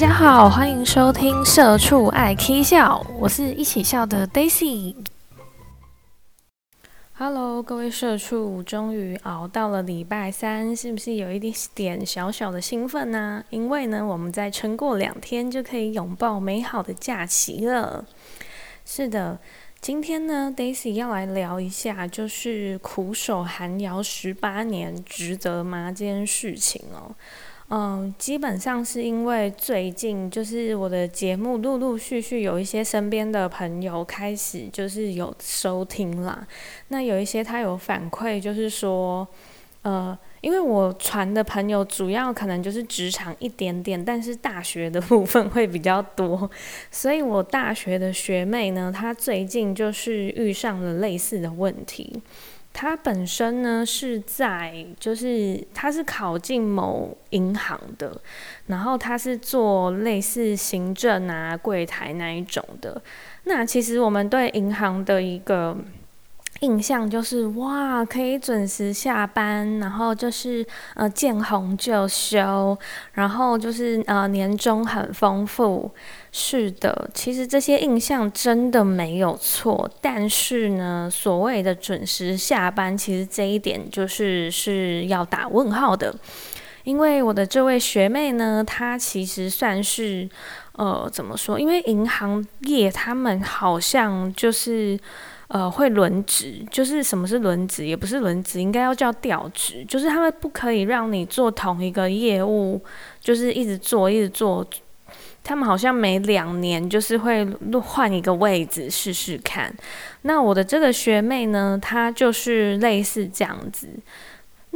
大家好，歡迎收聽《社畜愛 K 笑》，我是一起笑的 Daisy。Hello，各位社畜，終於熬到了禮拜三，是不是有一點點小小的興奮呢、啊？因為呢，我們再撐過兩天就可以擁抱美好的假期了。是的，今天呢，Daisy 要來聊一下，就是苦守寒窯十八年，值得嗎？這件事情哦。嗯、呃，基本上是因為最近就是我的節目陸陸續續有一些身邊的朋友開始就是有收聽啦，那有一些他有反饋，就是說，呃，因為我傳的朋友主要可能就是職場一點點，但是大學的部分會比較多，所以我大學的學妹呢，她最近就是遇上了類似的問題。他本身呢是在，就是他是考進某銀行的，然後他是做類似行政啊、櫃檯那一種的。那其實我們對銀行的一個印象，就是哇，可以準時下班，然後就是呃，見紅就休，然後就是呃，年終很豐富。是的，其實這些印象真的沒有錯，但是呢，所謂的準時下班，其實這一點就是是要打問號的。因為我的這位學妹呢，她其實算是，呃，怎麼說？因為銀行業他們好像就是，呃，會輪值。就是什麼是輪值？也不是輪值，應該要叫調職，就是他們不可以讓你做同一個業務，就是一直做，一直做。他們好像每兩年就是會換一個位置試試看。那我的這個學妹呢，她就是類似這樣子。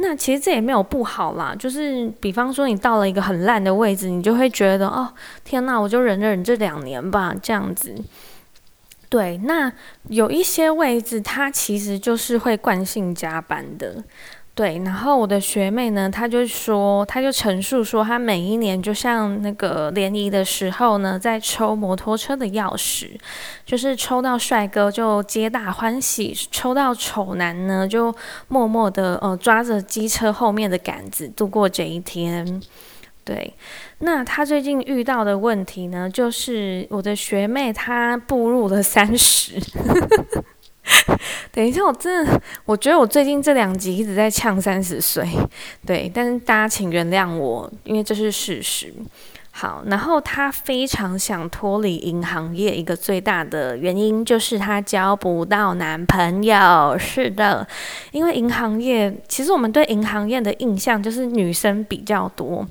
那其實這也沒有不好啦，就是比方說你到了一個很爛的位置，你就會覺得哦，天哪，我就忍忍這兩年吧，這樣子。對，那有一些位置它其實就是會慣性加班的。對，然後我的學妹呢，她就說，她就陳述說，她每一年就像那個聯誼的時候呢，在抽摩托車的鑰匙，就是抽到帥哥就皆大歡喜，抽到醜男呢，就默默的呃抓着機車後面的杆子，度過這一天。對，那她最近遇到的問題呢，就是我的學妹她步入了三十。 等一下，我真的，我覺得我最近這兩集一直在嗆三十歲，對，但是大家請原諒我，因為這是事實。好，然後她非常想脫離銀行業，一個最大的原因就是她交不到男朋友。是的，因為銀行業，其實我們對銀行業的印象就是女生比較多。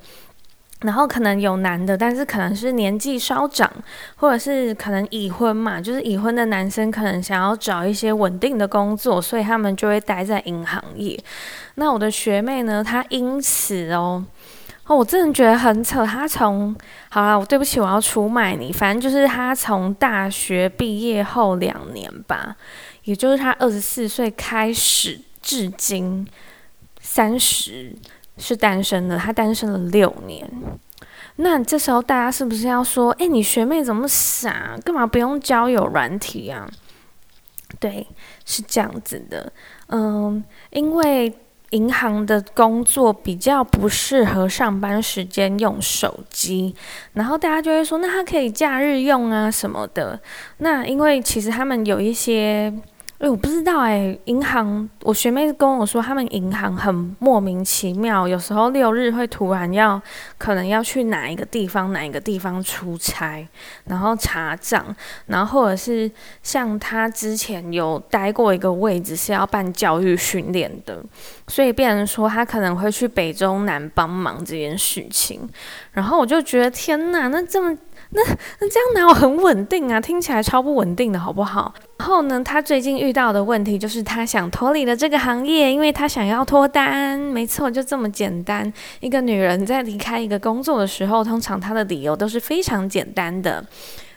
然後可能有男的，但是可能是年紀稍長，或者是可能已婚嘛，就是已婚的男生可能想要找一些穩定的工作，所以他們就會待在銀行業。那我的學妹呢？她因此哦，哦我真的覺得很扯。她從，好啦，我，對不起，我要出賣你。反正就是她從大學畢業後兩年吧，也就是她二十四歲開始，至今三十。是單身的，他單身了六年。那這時候大家是不是要說：“誒，你學妹怎麼傻？幹嘛不用交友軟體啊？”對，是這樣子的。嗯，因為銀行的工作比較不適合上班時間用手機，然後大家就會說：“那他可以假日用啊什麼的。”那因為其實他們有一些。哎，我不知道哎、欸，銀行我學妹跟我說，他們銀行很莫名其妙，有時候六日會突然要，可能要去哪一個地方，哪一個地方出差，然後查賬，然後或者是像他之前有待過一個位置是要辦教育訓練的，所以變成說他可能會去北中南幫忙這件事情，然後我就覺得天哪，那這麼。那那這樣拿我很穩定啊，聽起來超不穩定的，好不好？然後呢，他最近遇到的問題就是他想脫離了這個行業，因為他想要脫單。沒錯，就這麼簡單。一個女人在離開一個工作的時候，通常她的理由都是非常簡單的。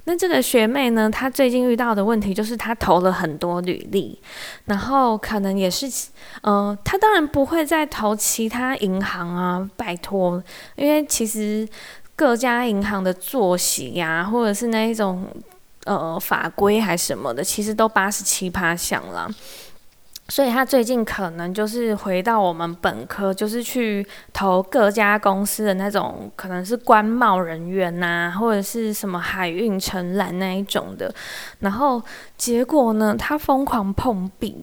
那這個學妹呢，她最近遇到的問題就是她投了很多履歷，然後可能也是，嗯、呃，她當然不會再投其他銀行啊，拜託，因為其實。各家銀行的作息呀，啊，或者是那一種呃法規還是什麼的，其實都八十七趴像了。所以他最近可能就是回到我們本科，就是去投各家公司的那種，可能是關貿人員吶，啊，或者是什麼海運承攬那一種的。然後結果呢，他瘋狂碰壁，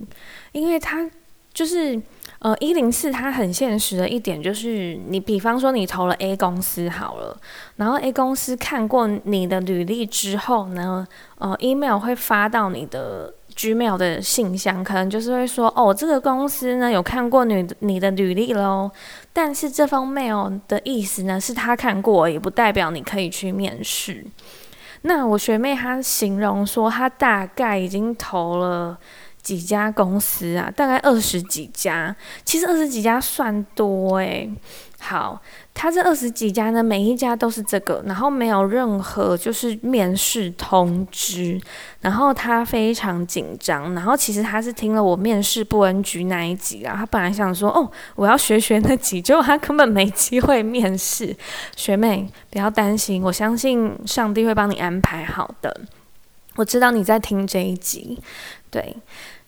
因為他。就是，呃，一零四它很現實的一點就是，你比方說你投了 A 公司好了，然後 A 公司看過你的履歷之後呢，呃，email 會發到你的 Gmail 的信箱，可能就是會說，哦，這個公司呢有看過你你的履歷嘍，但是這封 mail 的意思呢是他看過，也不代表你可以去面試。那我學妹她形容說，她大概已經投了。幾家公司啊，大概二十幾家，其實二十幾家算多誒，好，他這二十幾家呢，每一家都是這個，然後沒有任何就是面試通知，然後他非常緊張，然後其實他是聽了我面試不問局那一集啊，他本來想說哦，我要學學那幾集，結果他根本沒機會面試。學妹不要擔心，我相信上帝會幫你安排好的。我知道你在聽這一集，對，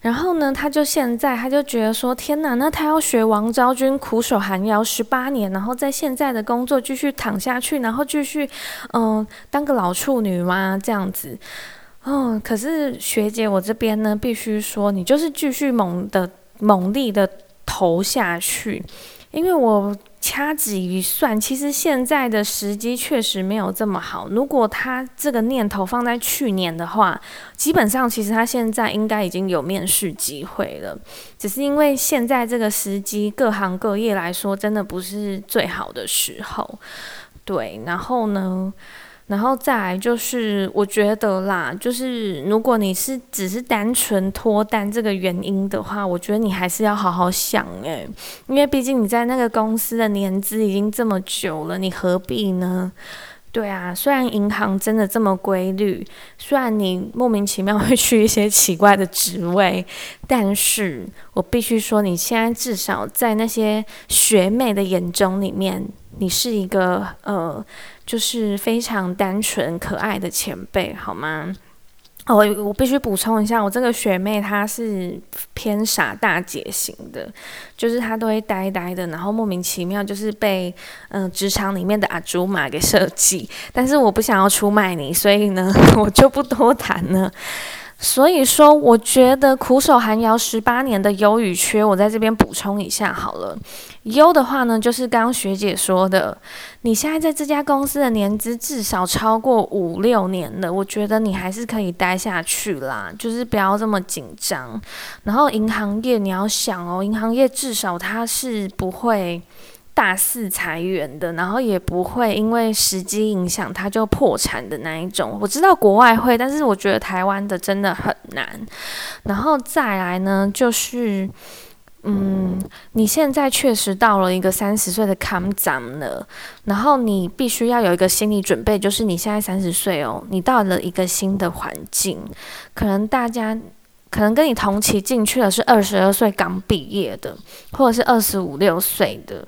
然後呢，他就現在他就覺得說，天哪，那他要學王昭君苦守寒窯十八年，然後在現在的工作繼續躺下去，然後繼續，嗯、呃，當個老處女嗎？這樣子，哦，可是學姐，我這邊呢，必須說，你就是繼續猛的、猛力的投下去，因為我，掐指一算，其實現在的時機確實沒有這麼好。如果他這個念頭放在去年的話，基本上其實他現在應該已經有面試機會了，只是因為現在這個時機，各行各業來說真的不是最好的時候。對，然後呢？然後再來就是，我覺得啦，就是如果你是只是單純脫單這個原因的話，我覺得你還是要好好想誒，因為畢竟你在那個公司的年資已經這麼久了，你何必呢？對啊，雖然銀行真的這麼規律，雖然你莫名其妙會去一些奇怪的職位，但是我必須說，你現在至少在那些學妹的眼中裡面，你是一個呃。就是非常單純可愛的前輩，好嗎？我、哦、我必須補充一下，我這個學妹她是偏傻大姐型的，就是她都會呆呆的，然後莫名其妙就是被嗯、呃、職場裡面的阿朱瑪給設計。但是我不想要出賣你，所以呢，我就不多談了。所以說，我覺得苦守寒窯十八年的優與缺，我在這邊補充一下好了。優的話呢，就是剛剛學姐說的，你現在在這家公司的年資至少超過五六年了，我覺得你還是可以待下去啦，就是不要這麼緊張。然後銀行業，你要想哦，銀行業至少它是不會。大肆裁員的，然後也不會因為時機影響它就破產的那一種。我知道國外會，但是我覺得台灣的真的很難。然後再來呢，就是，嗯，你現在確實到了一個三十歲的坎章了，然後你必須要有一個心理準備，就是你現在三十歲哦，你到了一個新的環境，可能大家可能跟你同期進去的是二十二歲剛畢業的，或者是二十五六歲的。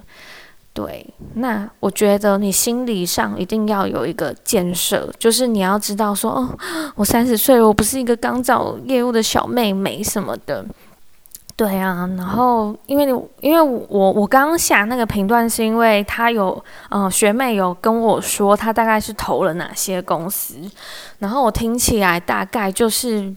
對，那我覺得你心理上一定要有一個建設，就是你要知道說，哦，我三十歲，我不是一個剛找業務的小妹妹什麼的。對啊，然後因為因為我我剛剛下那個評斷，是因為他有嗯、呃、學妹有跟我說，他大概是投了哪些公司，然後我聽起來大概就是。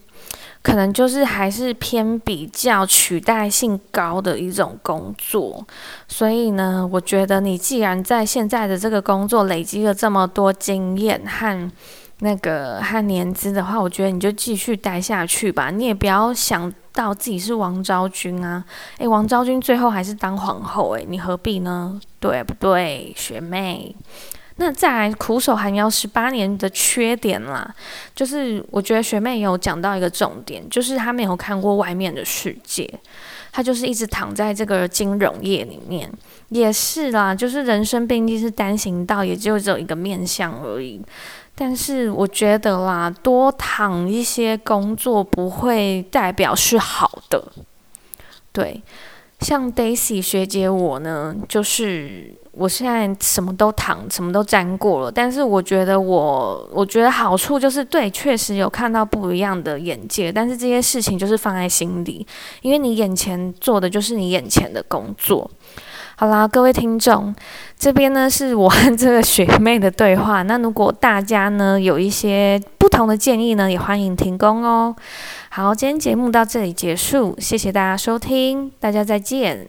可能就是還是偏比較取代性高的一種工作，所以呢，我覺得你既然在現在的這個工作累積了這麼多經驗和那個和年資的話，我覺得你就繼續待下去吧。你也不要想到自己是王昭君啊，誒，欸，王昭君最後還是當皇後，欸，誒，你何必呢？對不對，學妹？那再來苦守寒窯十八年的缺點啦，就是我覺得學妹也有講到一個重點，就是她沒有看過外面的世界，她就是一直躺在這個金融業裡面，也是啦，就是人生畢竟是單行道，也就只有一個面向而已。但是我覺得啦，多躺一些工作不會代表是好的，對。像 Daisy 學姐我呢，就是我現在什麼都躺，什麼都沾過了。但是我覺得我，我覺得好處就是，對，確實有看到不一樣的眼界。但是這些事情就是放在心裡，因為你眼前做的就是你眼前的工作。好啦，各位聽眾，這邊呢是我和這個學妹的對話。那如果大家呢有一些不同的建議呢，也歡迎提供哦。好，今天節目到這裡結束，謝謝大家收聽，大家再見。